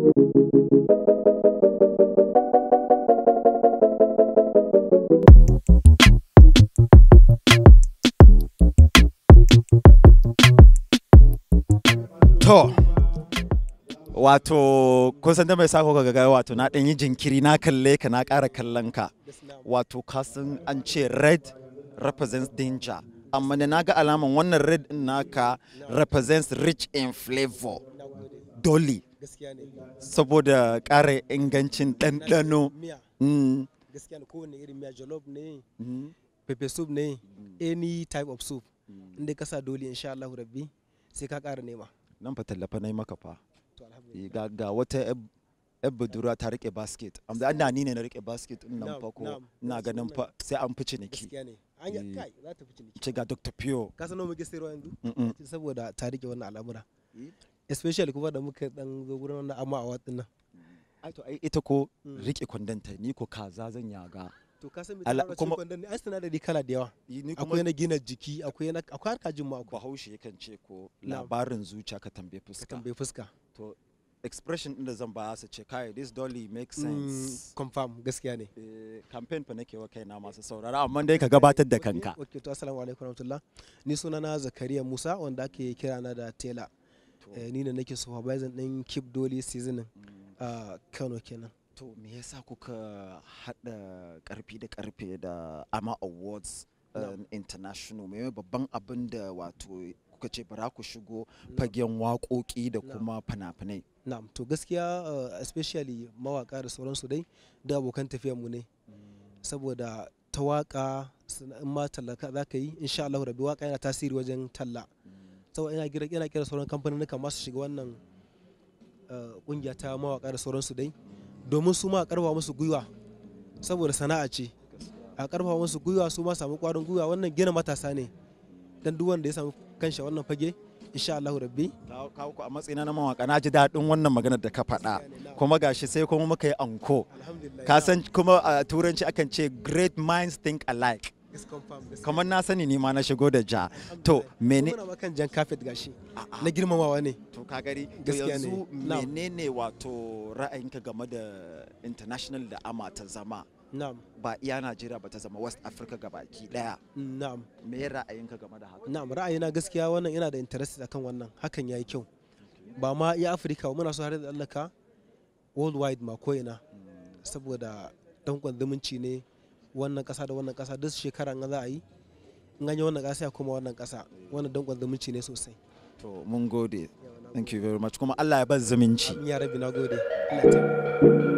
To, wato kun san da mai sako ga gaggawa wato na ɗan jinkiri na kalle ka na ƙara kallon ka wato kasan an ce red represents danger amma da na ga alaman wannan red naka represents rich in flavor dolly gaskiya ne saboda ƙara ingancin ɗanɗano mm. gaskiya ne kowane irin miya jollof ne mm. pepe soup ne mm. any type of soup inda ka sa dole insha Allah rabbi sai ka ƙara nema nan fa tallafa nai maka fa eh, ga wata yan budura ta rike basket amma ana ni ne na rike basket din nan fa ko na ganin fa sai an fi ciniki an ya eh. kai za ta fi ciniki ce ga dr pio ka sanar mu gese ruwa yanzu saboda ta rike wannan al'amura eh. especially kuma da muka dan zo gurin wannan amma a watsin nan mm. ai to ai ita ko mm. rike kwandanta ni ko kaza zan yaga to ka san me ta kuma ne ai di kala da yawa akwai na gina jiki akwai na akwai jin ma akwai bahaushe yakan ce ko labarin zuciya ka tambaye fuska ka tambaye fuska to expression din da zan ba su ce kai this dolly makes mm, sense confirm gaskiya ne eh, campaign fa nake wa kaina masu saurara amma dai ka gabatar da eh, kanka okay to assalamu alaikum warahmatullahi ni sunana zakariya musa wanda ake kira na da taylor Eh, ni ne nake supervisor din keep doli seasoning mm. a Kano kenan to me yasa kuka hada karfi da karfe da ama awards um, international me babban abin da wato kuka ce bara ku shigo fagen waƙoƙi da kuma fanafinai. na'am to gaskiya uh, especially mawaka da sauransu dai da abokan tafiyar mu ne mm. saboda ta waka in ma tallaka za ka yi insha Allah rabi waka yana tasiri wajen talla saboda ina kira ina kira sauran kamfanin masu shiga wannan eh, kungiya ta mawaka da sauransu dai domin su ma a karfafa musu gwiwa saboda sana'a ce a karfafa musu gwiwa su ma samu kwarin gwiwa wannan gina matasa ne dan duk wanda ya samu kanshi wannan fage insha Allah rabbi kawo ku a matsayina na mawaka na ji daɗin wannan maganar da ka faɗa kuma gashi sai kuma muka yi anko ka san kuma a turanci akan ce great minds think alike kamar na sani ni ma na shigo da ja to mene kuma kan jan kafet gashi na girmamawa ne to ka gari mene ne wato ra'ayinka game da international da ama ta zama Na'am. Ba iya Najeriya ba ta zama West Africa gabaki daya. Na'am. Me ra'ayinka game da haka? Na'am, ra'ayina gaskiya wannan ina da interest akan wannan. Hakan yayi kyau. Ba ma iya Africa ba muna so har da Allah ka worldwide ma ko ina. Hmm. Saboda dan kwanzumunci ne wannan kasa da wannan kasa duk shekara za a yi in an yi wannan kasa ya kuma wannan kasa wannan dankon zumunci ne sosai to mun gode thank you very much kuma Allah ya bar zumunci ya rabi na gode Allah ya